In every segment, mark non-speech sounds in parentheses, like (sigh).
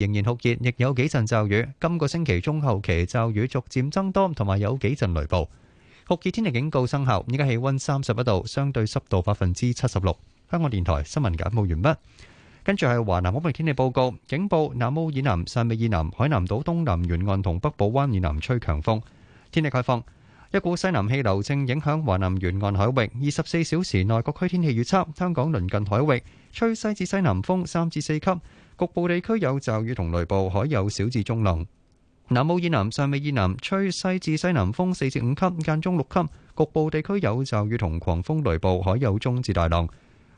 仍然酷熱，亦有幾陣驟雨。今個星期中後期驟雨逐漸增多，同埋有幾陣雷暴。酷熱天氣警告生效。依家氣溫三十一度，相對濕度百分之七十六。香港電台新聞簡報完畢。跟住係華南海域天氣報告，警報：南澳以南、汕尾以南、海南島東南沿岸同北部灣以南吹強風。天氣概況：一股西南氣流正影響華南沿岸海域。二十四小時內各區天氣預測：香港鄰近海域吹西至西南風三至四級。局部地區有驟雨同雷暴，海有小至中浪。南澳以南、汕尾以南吹西至西南風四至五級，間中六級。局部地區有驟雨同狂風雷暴，海有中至大浪。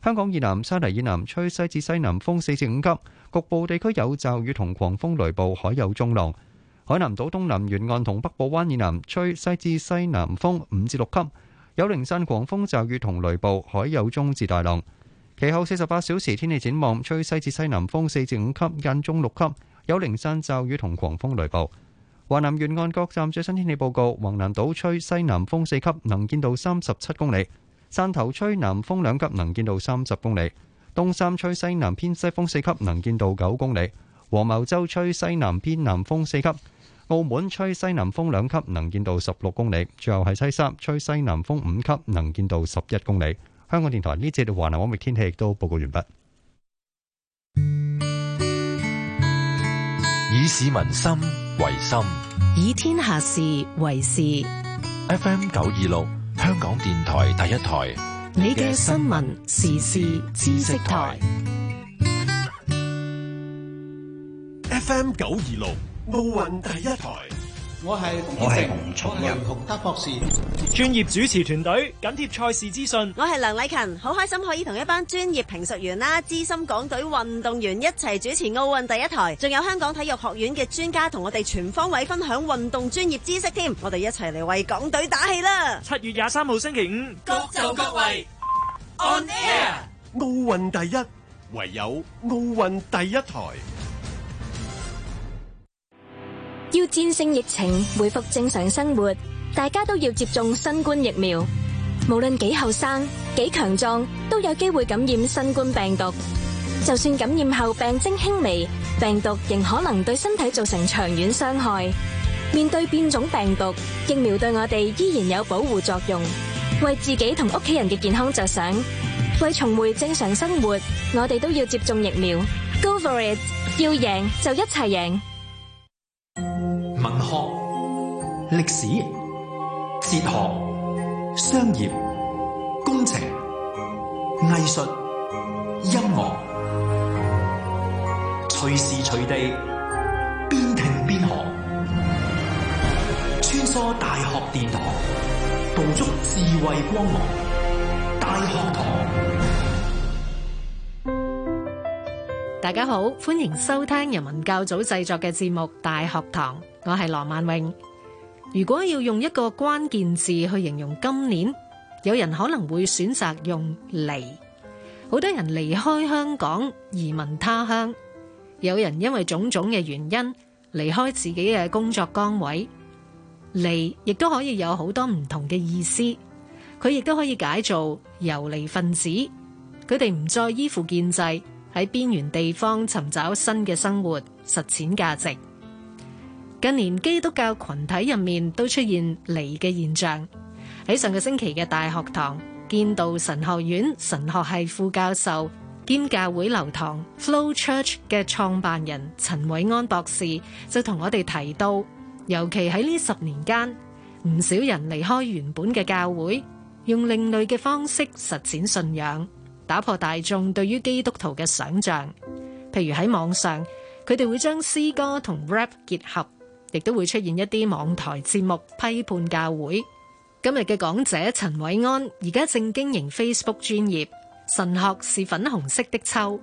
香港以南、沙堤以南吹西至西南風四至五級，局部地區有驟雨同狂風雷暴，海有中浪。海南島東南沿岸同北部灣以南吹西至西南風五至六級，有零散狂風驟雨同雷暴，海有中至大浪。其後四十八小時天氣展望，吹西至西南風四至五級，間中六級，有零散驟雨同狂風雷暴。華南沿岸各站最新天氣報告：華南島吹西南風四級，能見度三十七公里；汕頭吹南風兩級，能見度三十公里；東沙吹西南偏西風四級，能見度九公里；黃茅洲吹西南偏南風四級；澳門吹西南風兩級，能見度十六公里；最後係西沙吹西南風五級，能見度十一公里。香港電台呢節華南網天氣亦都報告完畢，以市民心為心，以天下事為事。F M 九二六，香港電台第一台，你嘅新聞時事知識台。F M 九二六，奧運第一台。我係我係洪卓人、洪德博士，專業主持團隊緊貼賽事資訊。我係梁禮勤，好開心可以同一班專業評述員啦、資深港隊運動員一齊主持奧運第一台，仲有香港體育學院嘅專家同我哋全方位分享運動專業知識添。我哋一齊嚟為港隊打氣啦！七月廿三號星期五，各就各位，On Air，奧運第一，唯有奧運第一台。要戰勝疫情，回復正常生活，大家都要接種新冠疫苗。無論幾後生、幾強壯，都有機會感染新冠病毒。就算感染後病徵輕微，病毒仍可能對身體造成長遠傷害。面對變種病毒，疫苗對我哋依然有保護作用。為自己同屋企人嘅健康着想，為重回正常生活，我哋都要接種疫苗。Go for it！要贏就一齊贏。歷史、哲學、商業、工程、藝術、音樂，隨時隨地邊聽邊學，穿梭大學殿堂，捕捉智慧光芒。大學堂，大家好，歡迎收聽人民教組製作嘅節目《大學堂》，我係羅萬永。如果要用一個關鍵字去形容今年，有人可能會選擇用離。好多人離開香港，移民他鄉，有人因為種種嘅原因離開自己嘅工作崗位。離亦都可以有好多唔同嘅意思，佢亦都可以解做游離分子。佢哋唔再依附建制，喺邊緣地方尋找新嘅生活，實踐價值。近年基督教群體入面都出現離嘅現象，喺上個星期嘅大學堂見到神學院神學系副教授兼教會流堂 Flow Church 嘅創辦人陳韋安博士就同我哋提到，尤其喺呢十年間，唔少人離開原本嘅教會，用另類嘅方式實踐信仰，打破大眾對於基督徒嘅想象。譬如喺網上，佢哋會將詩歌同 rap 結合。亦都會出現一啲網台節目批判教會。今日嘅講者陳韋安，而家正經營 Facebook 專頁「神學是粉紅色的秋」。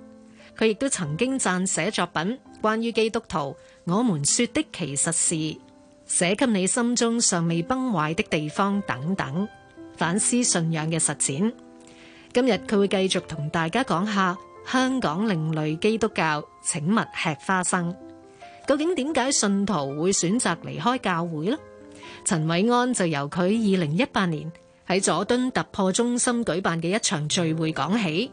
佢亦都曾經撰寫作品，關於基督徒，我們說的其實是寫給你心中尚未崩壞的地方等等，反思信仰嘅實踐。今日佢會繼續同大家講下香港另類基督教。請勿吃花生。究竟點解信徒會選擇離開教會咧？陳韋安就由佢二零一八年喺佐敦突破中心舉辦嘅一場聚會講起。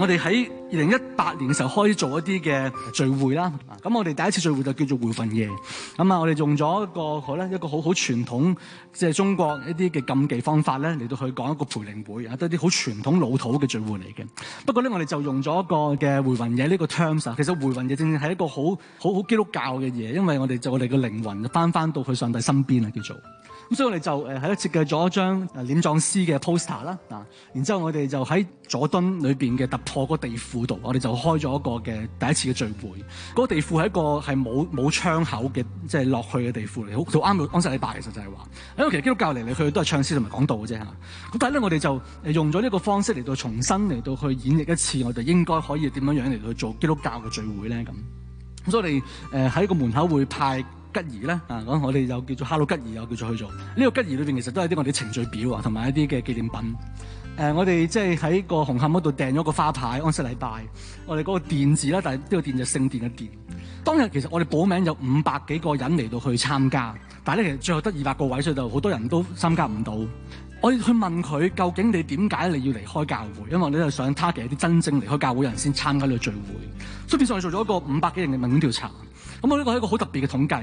我哋喺二零一八年嘅時候開始做一啲嘅聚會啦，咁我哋第一次聚會就叫做回魂夜，咁啊我哋用咗一個好咧一個好好傳統即係中國一啲嘅禁忌方法咧嚟到去講一個培靈會，啊都係啲好傳統老土嘅聚會嚟嘅。不過咧我哋就用咗一個嘅回魂夜呢個 terms 其實回魂夜正正係一個好好好基督教嘅嘢，因為我哋就我哋嘅靈魂就翻翻到去上帝身邊啊叫做。咁所以我哋就誒喺度設計咗一張誒殮葬師嘅 poster 啦，啊，然之後我哋就喺佐敦裏邊嘅突破個地庫度，我哋就開咗一個嘅第一次嘅聚會。嗰、那個地庫係一個係冇冇窗口嘅，即係落去嘅地庫嚟，好做啱安息禮拜。其實就係話，因為其實基督教嚟嚟去去都係唱詩同埋講道嘅啫吓。咁但係咧我哋就用咗呢個方式嚟到重新嚟到去演繹一次，我哋應該可以點樣樣嚟到做基督教嘅聚會咧咁。咁所以我哋誒喺個門口會派，吉儀咧啊，咁我哋又叫做哈 o 吉儀，又叫做去做呢、這個吉儀裏邊，其實都係啲我哋程序表啊，同埋一啲嘅紀念品。誒、呃，我哋即係喺個紅磡嗰度訂咗個花牌，安息禮拜。我哋嗰個電字啦，但係呢個電就聖殿嘅電，電當日其實我哋報名有五百幾個人嚟到去參加，但係咧其實最後得二百個位置，所以就好多人都參加唔到。我哋去問佢究竟你點解你要離開教會？因為你就想 t a r g 一啲真正離開教會人先參加呢個聚會。所以上去做咗一個五百幾人嘅問調查。咁我呢個係一個好特別嘅統計，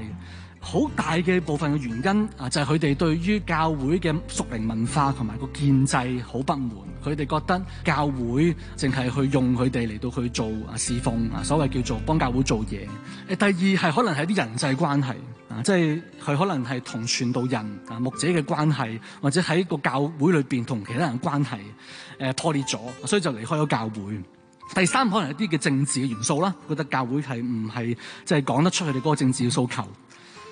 好大嘅部分嘅原因啊，就係佢哋對於教會嘅屬靈文化同埋個建制好不滿，佢哋覺得教會淨係去用佢哋嚟到去做侍奉，所謂叫做幫教會做嘢。誒，第二係可能係啲人際關係啊，即係佢可能係同傳道人啊、牧者嘅關係，或者喺個教會裏面同其他人關係誒破裂咗，所以就離開咗教會。第三可能係一啲嘅政治嘅元素啦，覺得教會係唔係，即係講得出佢哋個政治嘅訴求，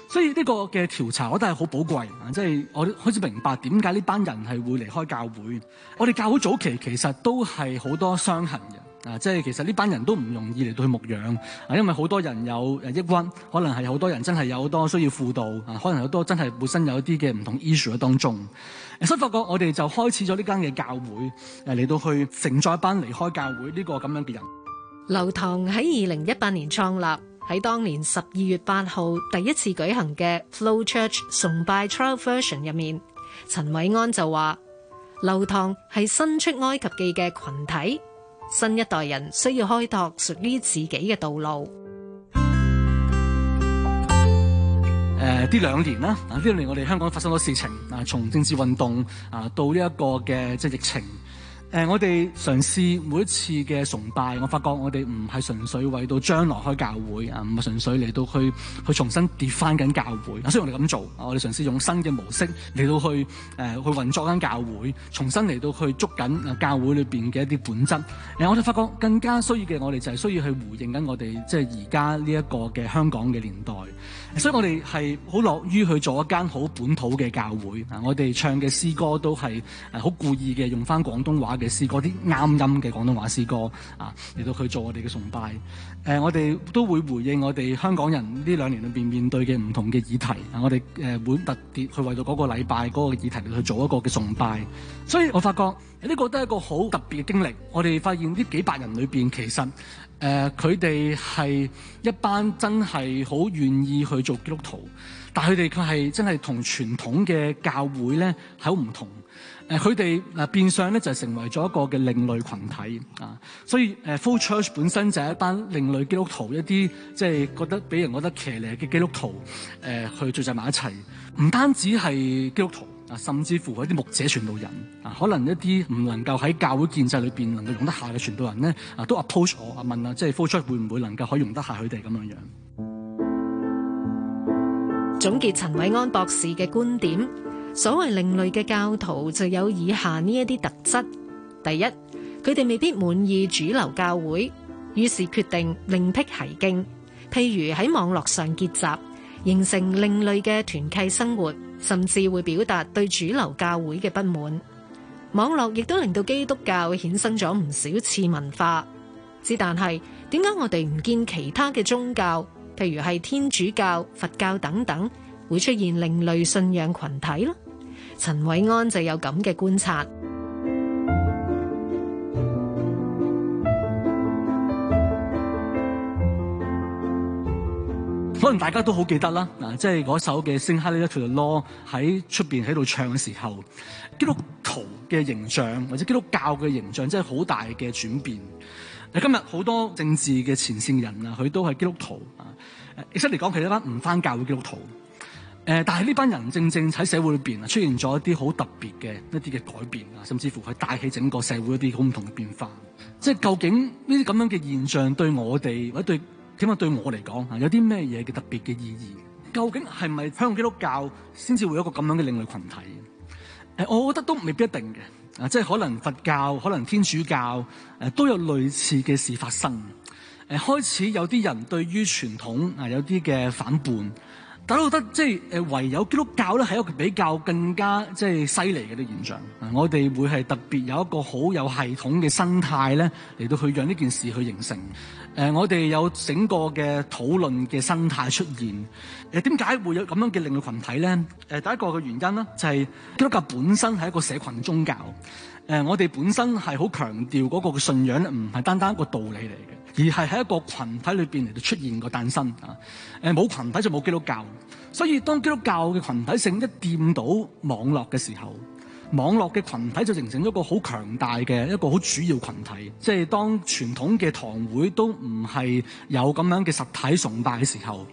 所以呢個嘅調查我都係好寶貴啊，即係我開始明白點解呢班人係會離開教會，我哋教會早期其實都係好多傷痕嘅。啊，即係其實呢班人都唔容易嚟到去牧養啊，因為好多人有誒抑鬱，可能係好多人真係有好多需要輔導啊，可能好多真係本身有一啲嘅唔同 issue 嘅當中，所以發覺我哋就開始咗呢間嘅教會誒嚟到去承載班離開教會呢個咁樣嘅人。流堂喺二零一八年創立，喺當年十二月八號第一次舉行嘅 Flow Church 崇拜 Trial Version 入面，陳韋安就話：流堂係新出埃及記嘅群體。新一代人需要開拓屬於自己嘅道路。誒、呃，呢兩年啦，呢兩年我哋香港發生咗好多事情啊，從政治運動啊到呢一個嘅即係疫情。誒、呃，我哋嘗試每一次嘅崇拜，我發覺我哋唔係純粹為到將來開教會啊，唔係純粹嚟到去去重新跌翻緊教會。所以我哋咁做，我哋嘗試用新嘅模式嚟到去、呃、去運作緊教會，重新嚟到去捉緊教會裏面嘅一啲本質。呃、我就發覺更加需要嘅我哋就係需要去回應緊我哋即係而家呢一個嘅香港嘅年代。所以我哋係好樂於去做一間好本土嘅教會啊！我哋唱嘅詩歌都係好故意嘅，用翻廣東話嘅詩歌，啲啱音嘅廣東話詩歌啊，嚟到去做我哋嘅崇拜。我哋都會回應我哋香港人呢兩年裏面面對嘅唔同嘅議題啊！我哋誒會特別去為到嗰個禮拜嗰個議題嚟去做一個嘅崇拜。所以我發覺呢個都係一個好特別嘅經歷。我哋發現呢幾百人裏面其實。誒佢哋係一班真係好願意去做基督徒，但係佢哋佢係真係同傳統嘅教會咧係好唔同。誒佢哋嗱，變相咧就成為咗一個嘅另類群體啊，所以誒、呃、Full Church 本身就係一班另類基督徒，一啲即係覺得俾人覺得騎呢嘅基督徒誒去聚集埋一齊，唔單止係基督徒。呃啊，甚至乎一啲牧者傳道人啊，可能一啲唔能夠喺教會建制裏面能夠容得下嘅傳道人啊都 approach 我啊問啊，即係 for church 會唔會能夠可以容得下佢哋咁樣樣？總結陳韋安博士嘅觀點，所謂另類嘅教徒就有以下呢一啲特質：第一，佢哋未必滿意主流教會，於是決定另闢蹊徑，譬如喺網絡上結集，形成另類嘅團契生活。甚至會表達對主流教會嘅不滿，網絡亦都令到基督教衍生咗唔少次文化。只但係，點解我哋唔見其他嘅宗教，譬如係天主教、佛教等等，會出現另類信仰群體呢？陳韋安就有咁嘅觀察。可能大家都好記得啦，嗱、啊，即係嗰首嘅《Sing Hallelujah to the Lord》喺出面喺度唱嘅時候，基督徒嘅形象或者基督教嘅形象，真係好大嘅轉變。你、啊、今日好多政治嘅前線人啊，佢都係基督徒啊。其實嚟講，其實呢班唔返教會基督徒，啊、但係呢班人正正喺社會裏面啊，出現咗一啲好特別嘅一啲嘅改變啊，甚至乎係帶起整個社會有一啲好唔同嘅變化。即係究竟呢啲咁樣嘅現象對我哋或者對？點解對我嚟講，啊？有啲咩嘢嘅特別嘅意義，究竟係咪香港基督教先至會有一個咁樣嘅另類群體？誒，我覺得都未必一定嘅啊！即係可能佛教，可能天主教，誒都有類似嘅事發生。誒，開始有啲人對於傳統啊有啲嘅反叛，但係我覺得即係誒唯有基督教咧係一個比較更加即係犀利嘅啲現象。我哋會係特別有一個好有系統嘅生態咧嚟到去讓呢件事去形成。誒、呃，我哋有整個嘅討論嘅生態出現。誒、呃，點解會有咁樣嘅另類群體咧，呃？第一個嘅原因咧，就係，是，基督教本身係一個社群宗教。誒、呃，我哋本身係好強調嗰個信仰唔係單單一個道理嚟嘅，而係喺一個群體裏面嚟到出現個誕生啊。冇，呃、群體就冇基督教，所以當基督教嘅群體性一掂到網絡嘅時候，網絡嘅群體就形成咗一個好強大嘅一個好主要群體，即係當傳統嘅堂會都唔係有咁樣嘅實體崇拜嘅時候，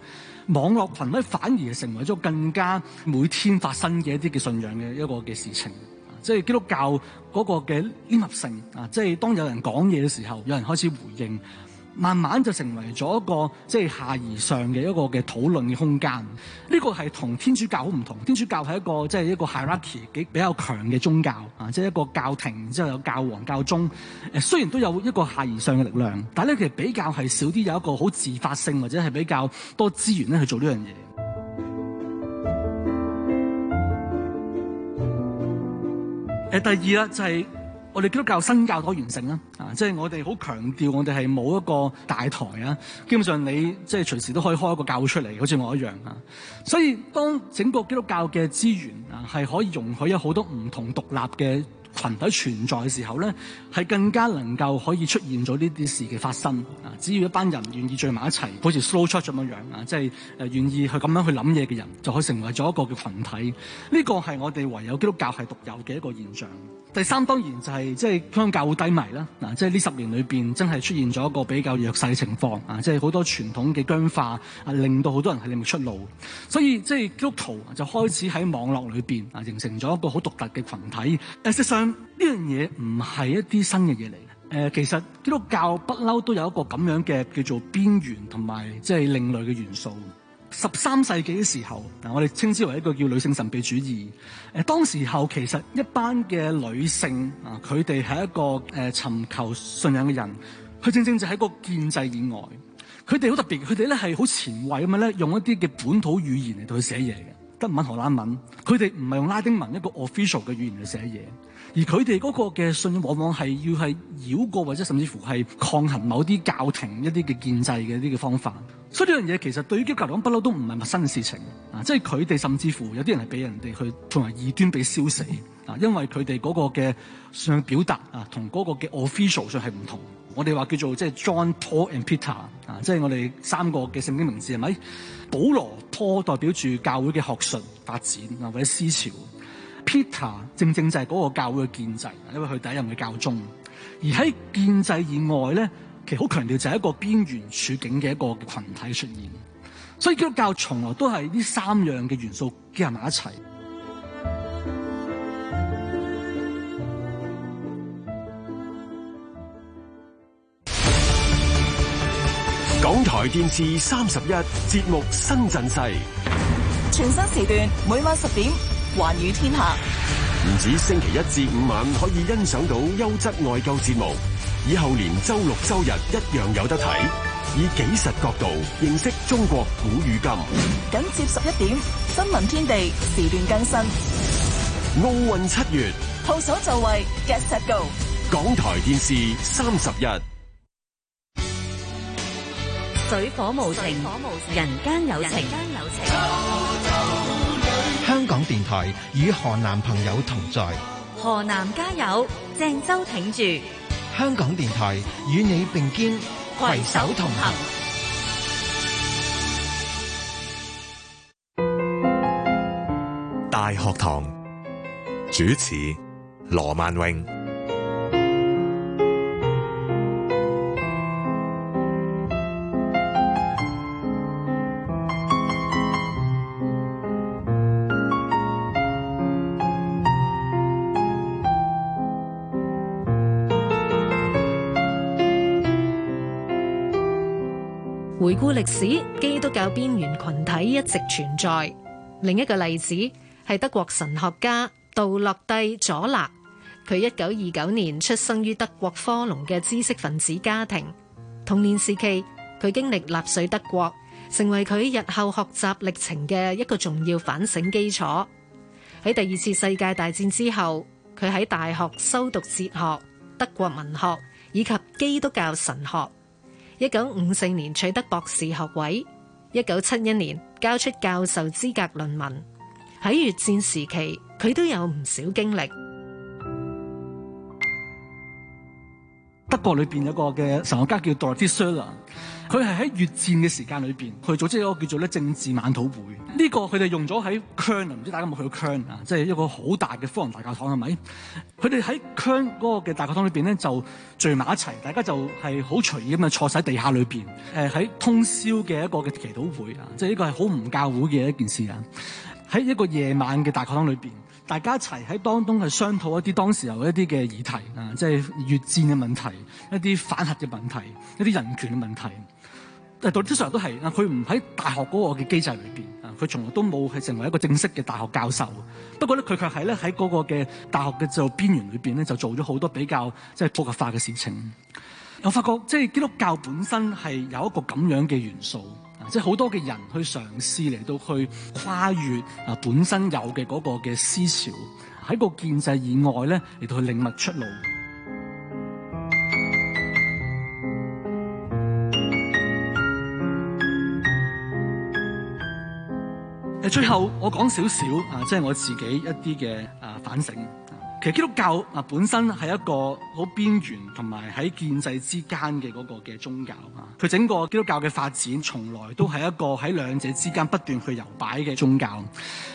網絡群體反而成為咗更加每天發生嘅一啲嘅信仰嘅一個嘅事情，即係基督教嗰個嘅黏合性啊，即係當有人講嘢嘅時候，有人開始回應。慢慢就成為咗一個即係、就是、下而上嘅一個嘅討論嘅空間。呢、這個係同天主教好唔同。天主教係一個即係、就是、一個 Hierarchy 幾比較強嘅宗教啊，即、就、係、是、一個教廷然之後、就是、有教皇教宗。誒、啊、雖然都有一個下而上嘅力量，但係咧其實比較係少啲，有一個好自發性或者係比較多資源咧去做呢樣嘢。誒、呃、第二咧就係、是。我哋基督教新教都可完成啦，啊，即係我哋好強調，我哋係冇一個大台啊，基本上你即係隨時都可以開一個教會出嚟，好似我一樣啊。所以當整個基督教嘅資源啊，係可以容許有好多唔同獨立嘅，群體存在嘅時候咧，係更加能夠可以出現咗呢啲事嘅發生。啊，只要一班人願意聚埋一齊，好似 slow trust 咁樣啊，即係誒願意去咁樣去諗嘢嘅人，就可以成為咗一個嘅群體。呢、這個係我哋唯有基督教係獨有嘅一個現象。第三當然就係即係基督教好低迷啦。嗱，即係呢十年裏邊真係出現咗一個比較弱勢情況。啊，即係好多傳統嘅僵化啊，令到好多人係冇出路。所以即係、就是、基督徒就開始喺網絡裏邊啊，形成咗一個好獨特嘅群體。a 呢樣嘢唔係一啲新嘅嘢嚟嘅。誒、呃，其實基督教不嬲都有一個咁樣嘅叫做邊緣同埋即係另類嘅元素。十三世紀嘅時候，嗱、呃、我哋稱之為一個叫女性神秘主義。誒、呃，當時候其實一班嘅女性啊，佢哋係一個誒尋、呃、求信仰嘅人，佢正正就係一個建制以外。佢哋好特別，佢哋咧係好前衛咁樣咧，用一啲嘅本土語言嚟到去寫嘢嘅。德文、荷蘭文，佢哋唔係用拉丁文一個 official 嘅語言嚟寫嘢，而佢哋嗰個嘅信仰往往係要係繞過或者甚至乎係抗衡某啲教廷一啲嘅建制嘅一啲嘅方法。所以呢樣嘢其實對於基督教嚟講，不嬲都唔係陌生嘅事情啊！即係佢哋甚至乎有啲人係俾人哋去同埋異端燒，俾燒死啊！因為佢哋嗰個嘅想表達啊，同嗰個嘅 official 上係唔同。我哋話叫做即係 John、Paul and Peter 啊，即係我哋三個嘅聖經名字係咪？是保羅拖代表住教會嘅學術發展啊，或者思潮，Peter 正正就係嗰個教會嘅建制，因為佢第一任嘅教宗。而喺建制以外咧，其實好強調就係一個邊緣處境嘅一個群體出現，所以基督教從來都係呢三樣嘅元素結合埋一齊。台電視三十一節目新陣勢，全新時段，每晚十點寰宇天下。唔止星期一至五晚可以欣賞到優質外購節目，以後連周六周日一樣有得睇。以紀實角度認識中國古與今。緊接十一點新聞天地時段更新。奧運七月，號手就位，Get set go。港台電視三十一。水火無情，無情人間有情。有情香港電台與河南朋友同在，河南加油，鄭州挺住。香港電台與你並肩，攜手同行。大學堂主持羅萬榮。回顧歷史，基督教邊緣群體一直存在。另一個例子係德國神學家杜洛蒂·佐勒，佢一九二九年出生於德國科隆嘅知識分子家庭。童年時期，佢經歷納粹德國，成為佢日後學習歷程嘅一個重要反省基礎。喺第二次世界大戰之後，佢喺大學修讀哲學、德國文學以及基督教神學。一九五四年取得博士學位，一九七一年交出教授資格論文。喺越戰時期，佢都有唔少經歷。德國裏邊有一個嘅神學家叫 Dorothee Sölle 佢係喺越戰嘅時間裏邊，佢組織一個叫做咧政治晚禱會。呢、這個佢哋用咗喺 Kern 啊，唔知大家有冇去到 Kern 啊？即係一個好大嘅科隆大教堂係咪？佢哋喺 Kern 嗰個嘅大教堂裏邊咧，就聚埋一齊，大家就係好隨意咁啊坐晒喺地下裏邊，誒喺通宵嘅一個嘅祈禱會啊！即係呢個係好唔教會嘅一件事啊！喺一個夜晚嘅大教堂裏邊。大家一齊喺當中去商討一啲當時候一啲嘅議題啊，即係越戰嘅問題、一啲反核嘅問題、一啲人權嘅問題。但到杜立七上都係啊，佢唔喺大學嗰個嘅機制裏邊啊，佢從來都冇係成為一個正式嘅大學教授。不過咧，佢卻係咧喺嗰個嘅大學嘅就邊緣裏邊咧，就做咗好多比較即係普及化嘅事情。我發覺即係基督教本身係有一個咁樣嘅元素。即係好多嘅人去嘗試嚟到去跨越啊本身有嘅嗰個嘅思潮，喺個建制以外咧嚟到去另覓出路。誒， (music) 最後我講少少啊，即係我自己一啲嘅啊反省。其實基督教啊本身係一個好邊緣同埋喺建制之間嘅嗰個嘅宗教啊，佢整個基督教嘅發展從來都係一個喺兩者之間不斷去搖擺嘅宗教。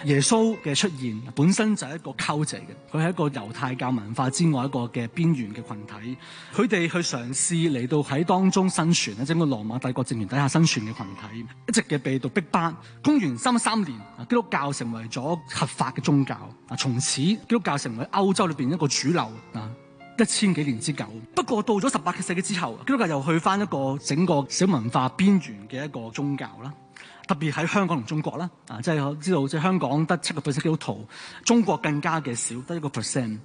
耶穌嘅出現本身就係一個溝縫嘅，佢係一個猶太教文化之外一個嘅邊緣嘅群體。佢哋去嘗試嚟到喺當中生存整，即係喺羅馬帝國政權底下生存嘅群體，一直嘅被度逼迫班。公元三三年啊，基督教成為咗合法嘅宗教啊，從此基督教成為歐裏邊一個主流啊，一千幾年之久。不過到咗十八嘅世紀之後，基督教又去翻一個整個小文化邊緣嘅一個宗教啦。特別喺香港同中國啦，啊，即係我知道，即係香港得七個 percent 基督徒，中國更加嘅少，得一個 percent。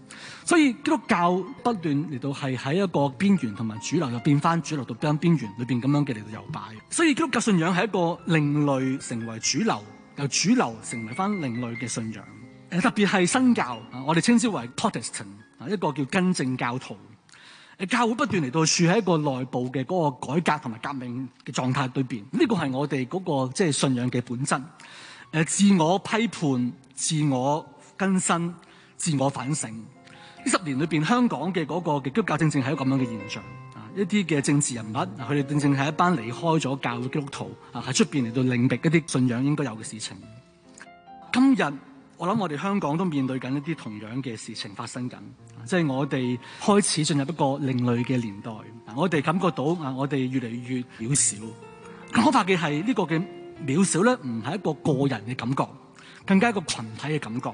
所以基督教不斷嚟到係喺一個邊緣同埋主流，又變翻主流到變翻邊緣裏邊咁樣嘅嚟到游擺。所以基督教信仰係一個另類，成為主流，由主流成為翻另類嘅信仰。特別係新教，我哋稱之為 Protestant，啊，一個叫根正教徒。誒，教會不斷嚟到處喺一個內部嘅嗰個改革同埋革命嘅狀態裏邊，呢、這個係我哋嗰、那個即係、就是、信仰嘅本質。誒，自我批判、自我更新、自我反省。呢十年裏邊，香港嘅嗰個基督教正正係一個咁樣嘅現象。啊，一啲嘅政治人物，佢哋正正係一班離開咗教會基督徒，啊喺出邊嚟到另覓一啲信仰應該有嘅事情。今日。我諗我哋香港都面對緊一啲同樣嘅事情發生緊，即係我哋開始進入一個另類嘅年代。我哋感覺到啊，我哋越嚟越渺小。更可怕嘅係呢個嘅渺小咧，唔係一個個人嘅感覺，更加一個群體嘅感覺。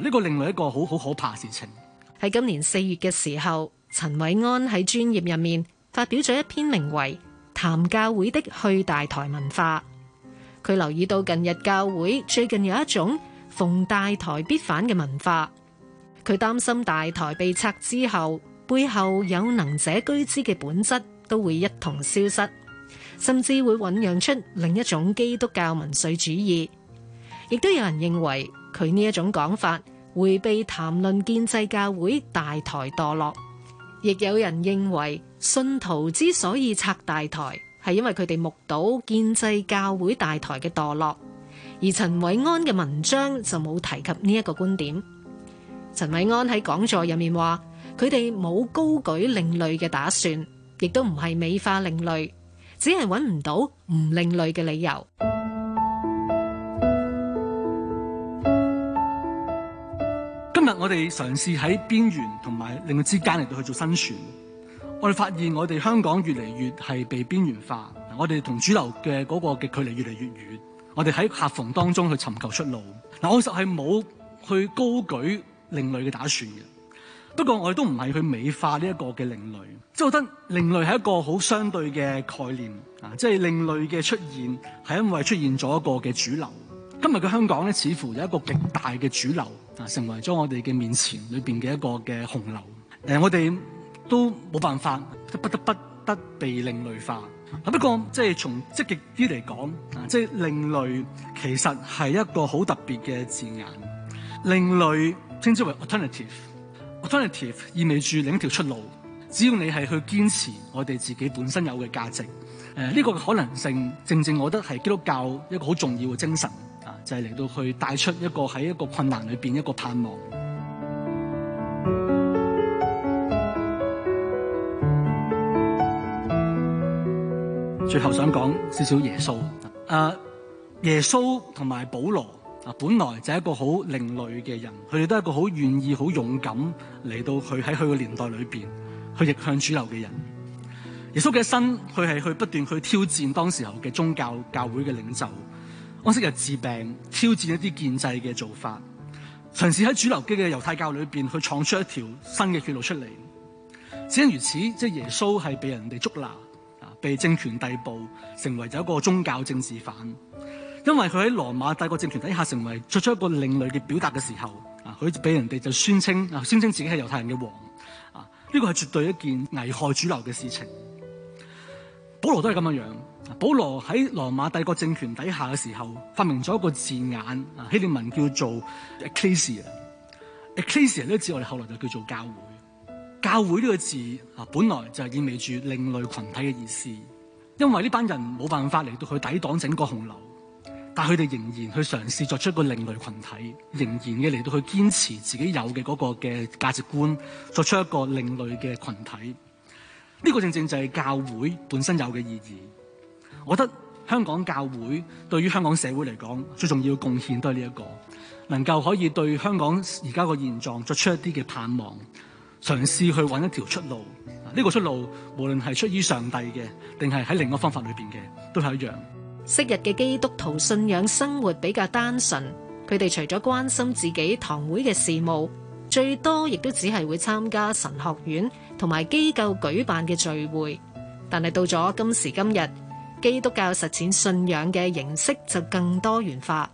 呢個另類一個好好可怕嘅事情。喺今年四月嘅時候，陳韋安喺專業入面發表咗一篇名為《談教會的去大台文化》。佢留意到近日教會最近有一種。逢大台必反嘅文化，佢擔心大台被拆之後，背後有能者居之嘅本質都會一同消失，甚至會醞釀出另一種基督教民粹主義。亦都有人認為佢呢一種講法會被談論建制教會大台墮落。亦有人認為信徒之所以拆大台，係因為佢哋目睹建制教會大台嘅墮落。而陳韋安嘅文章就冇提及呢一個觀點。陳韋安喺講座入面話：佢哋冇高舉另類嘅打算，亦都唔係美化另類，只係揾唔到唔另類嘅理由。今日我哋嘗試喺邊緣同埋另類之間嚟到去做生存，我哋發現我哋香港越嚟越係被邊緣化，我哋同主流嘅嗰個嘅距離越嚟越遠。我哋喺客逢當中去尋求出路，嗱，我實係冇去高舉另類嘅打算嘅，不過我哋都唔係去美化呢一個嘅另類，即係覺得另類係一個好相對嘅概念啊！即係另類嘅出現係因為出現咗一個嘅主流。今日嘅香港咧，似乎有一個極大嘅主流啊，成為咗我哋嘅面前裏面嘅一個嘅洪流。誒，我哋都冇辦法，就不得不得被另類化。啊！不過，即係從積極啲嚟講，即係另類，其實係一個好特別嘅字眼。另類稱之為 alternative，alternative 意味住另一條出路。只要你係去堅持我哋自己本身有嘅價值，誒、這、呢個可能性，正正我覺得係基督教一個好重要嘅精神，啊，就係嚟到去帶出一個喺一個困難裏面一個盼望。最後想講少少耶穌，誒、uh，耶穌同埋保羅啊，本來就係一個好另類嘅人，佢哋都係一個好願意、好勇敢嚟到，佢喺佢個年代裏邊去逆向主流嘅人。耶穌嘅一生，佢係去不斷去挑戰當時候嘅宗教教會嘅領袖，安息日治病，挑戰一啲建制嘅做法，嘗試喺主流嘅猶太教裏邊去闖出一條新嘅血路出嚟。只因如此，即係耶穌係俾人哋捉拿，被政權逮捕，成為咗一個宗教政治犯，因為佢喺羅馬帝國政權底下成為作出一個另類嘅表達嘅時候，啊，佢俾人哋就宣稱，啊，宣稱自己係猶太人嘅王，啊，呢個係絕對一件危害主流嘅事情。保羅都係咁樣樣，保羅喺羅馬帝國政權底下嘅時候，發明咗一個字眼，希臘文叫做 ecclesia ecclesia 咧，即我哋後來就叫做教會。教會呢個字啊，本來就係意味住另類群體嘅意思，因為呢班人冇辦法嚟到去抵擋整個洪流，但佢哋仍然去嘗試作出一個另類群體，仍然嘅嚟到去堅持自己有嘅嗰個嘅價值觀，作出一個另類嘅群體。呢個正正就係教會本身有嘅意義。我覺得香港教會對於香港社會嚟講最重要嘅貢獻都係呢一個，能夠可以對香港而家個現狀作出一啲嘅盼望。嘗試去揾一條出路，呢個出路無論係出於上帝嘅，定係喺另一方法裏邊嘅，都係一樣。昔日嘅基督徒信仰生活比較單純，佢哋除咗關心自己堂會嘅事務，最多亦都只係會參加神學院同埋機構舉辦嘅聚會。但係到咗今時今日，基督教實踐信仰嘅形式就更多元化。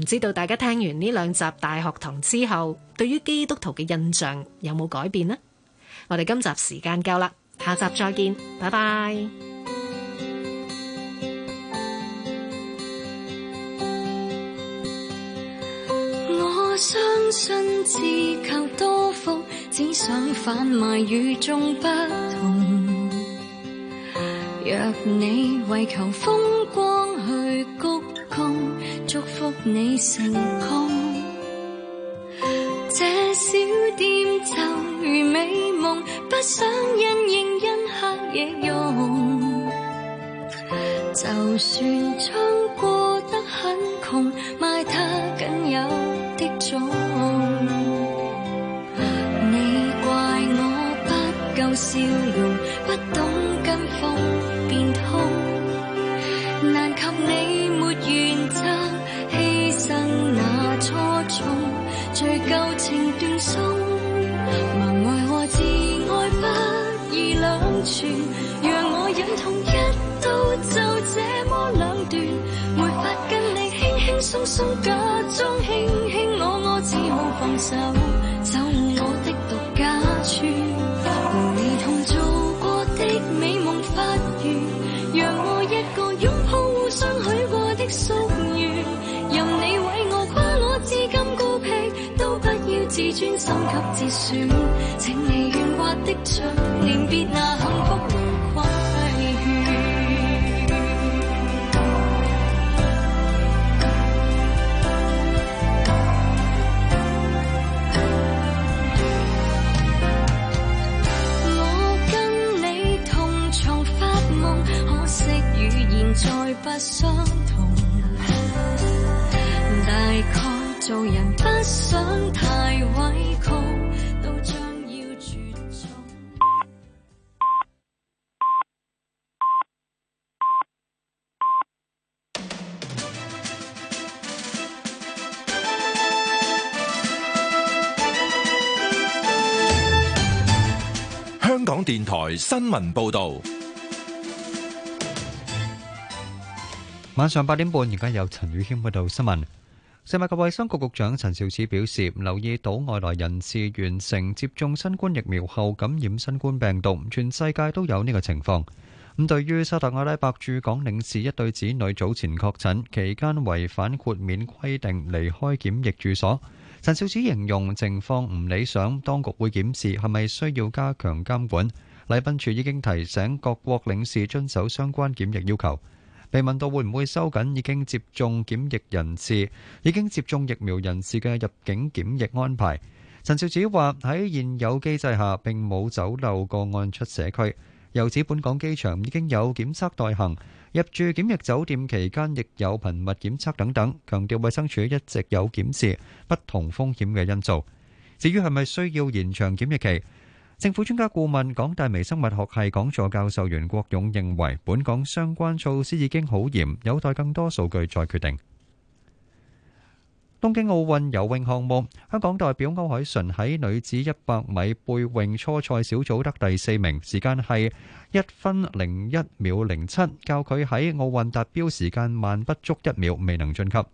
唔知道大家聽完呢兩集大學堂之後，對於基督徒嘅印象有冇改變呢？我哋今集時間夠啦，下集再見，拜拜。我相信自求多福，只想販賣與眾不同。若你為求風光去鞠躬，祝福你成功。這小店就如美夢，不想因應因黑夜用，就算。走，走我的獨家村，和你同做過的美夢發願，讓我一個擁抱，互相許過的夙願，任你毀我誇我至今孤僻，都不要自尊心及自損，請你怨過的嘴，念別那幸福。香港電台新聞報道。晚上八點半，而家有陳宇謙報導新聞。食物及衛生局局長陳肇始表示，留意到外來人士完成接種新冠疫苗後感染新冠病毒，全世界都有呢個情況。咁對於沙特阿拉伯駐港領事一對子女早前確診，期間違反豁免規定離開檢疫住所，陳肇始形容情況唔理想，當局會檢視係咪需要加強監管。禮賓處已經提醒各國領事遵守相關檢疫要求。被問到會唔會收緊已經接種檢疫人士、已經接種疫苗人士嘅入境檢疫安排，陳肇始話喺現有機制下並冇走漏個案出社區。由此，本港機場已經有檢測代行，入住檢疫酒店期間亦有頻密檢測等等，強調衞生署一直有檢視不同風險嘅因素。至於係咪需要延長檢疫期？政府專家顧問、港大微生物學系講座教授袁國勇認為，本港相關措施已經好嚴，有待更多數據再決定。東京奧運游泳項目，香港代表歐海純喺女子一百米背泳初賽小組得第四名，時間係一分零一秒零七，較佢喺奧運達標時間慢不足一秒，未能晉級。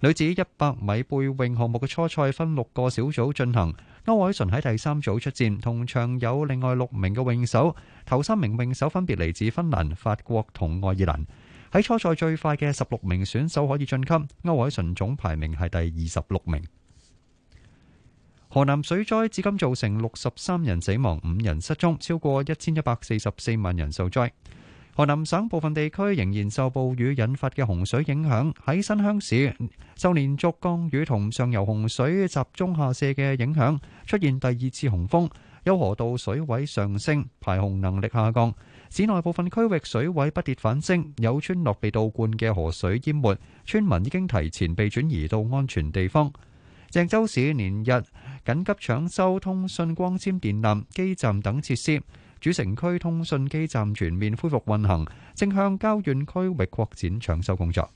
女子一百米背泳項目嘅初賽分六個小組進行。歐海純喺第三組出戰，同場有另外六名嘅泳手，頭三名泳手分別嚟自芬蘭、法國同愛爾蘭。喺初賽最快嘅十六名選手可以晉級，歐海純總排名係第二十六名。河南水災至今造成六十三人死亡，五人失蹤，超過一千一百四十四萬人受災。河南省部分地區仍然受暴雨引發嘅洪水影響，喺新鄉市受連續降雨同上游洪水集中下泄嘅影響，出現第二次洪峰，有河道水位上升，排洪能力下降，市內部分區域水位不跌反升，有村落被倒灌嘅河水淹沒，村民已經提前被轉移到安全地方。鄭州市連日緊急搶修通訊光纖電纜基站等設施。主城區通訊基站全面恢復運行，正向郊縣區域擴展搶修工作。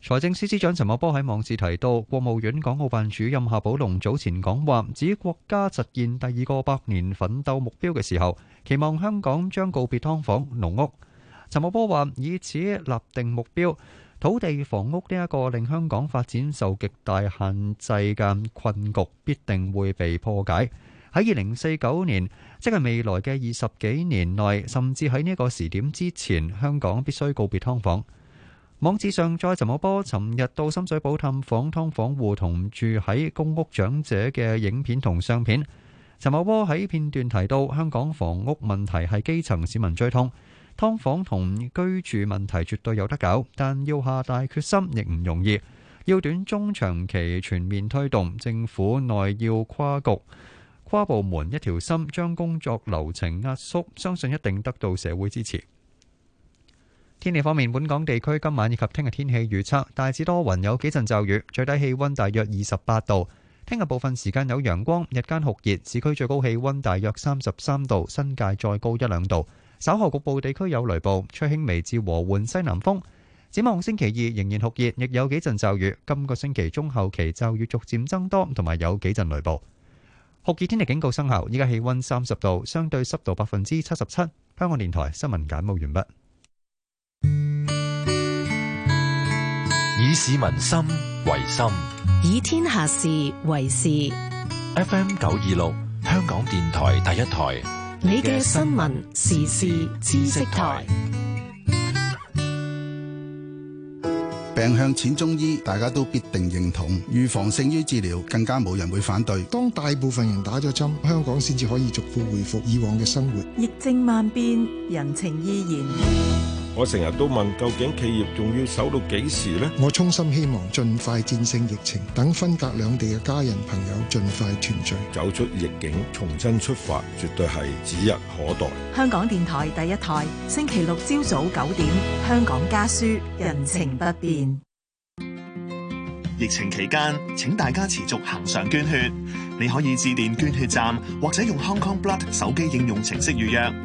財政司司長陳茂波喺網誌提到，國務院港澳辦主任夏寶龍早前講話指國家實現第二個百年奮鬥目標嘅時候，期望香港將告別劏房、農屋。陳茂波話，以此立定目標，土地房屋呢一個令香港發展受極大限制嘅困局，必定會被破解。喺二零四九年，即係未來嘅二十幾年內，甚至喺呢一個時點之前，香港必須告別劏房。網誌上載陳茂波，尋日到深水埗探訪劏房戶戶同住喺公屋長者嘅影片同相片。陳茂波喺片段提到，香港房屋問題係基層市民最痛，劏房同居住問題絕對有得搞，但要下大決心亦唔容易，要短中長期全面推動，政府內要跨局。跨部門一條心，將工作流程壓縮，相信一定得到社會支持。天氣方面，本港地區今晚以及聽日天，天氣預測大致多雲，有幾陣驟雨，最低氣温大約二十八度。聽日部分時間有陽光，日間酷熱，市區最高氣温大約三十三度，新界再高一兩度。稍後局部地區有雷暴，吹輕微至和緩西南風。展望星期二仍然酷熱，亦有幾陣驟雨。今個星期中後期驟雨逐漸增多，同埋有幾陣雷暴。酷熱天氣警告生效，依家氣溫三十度，相對濕度百分之七十七。香港電台新聞簡報完畢。以市民心為心，以天下事為事。FM 九二六，香港電台第一台，你嘅新聞時事知識台。病向淺中醫，大家都必定認同。預防勝於治療，更加冇人會反對。當大部分人打咗針，香港先至可以逐步恢復以往嘅生活。疫症萬變，人情依然。我成日都問，究竟企業仲要守到幾時呢？我衷心希望盡快戰勝疫情，等分隔兩地嘅家人朋友盡快團聚，走出逆境，重新出發，絕對係指日可待。香港電台第一台，星期六朝早九點，香港家書，人情不變。疫情期間，請大家持續行善捐血。你可以致電捐血站，或者用 Hong Kong Blood 手機應用程式預約。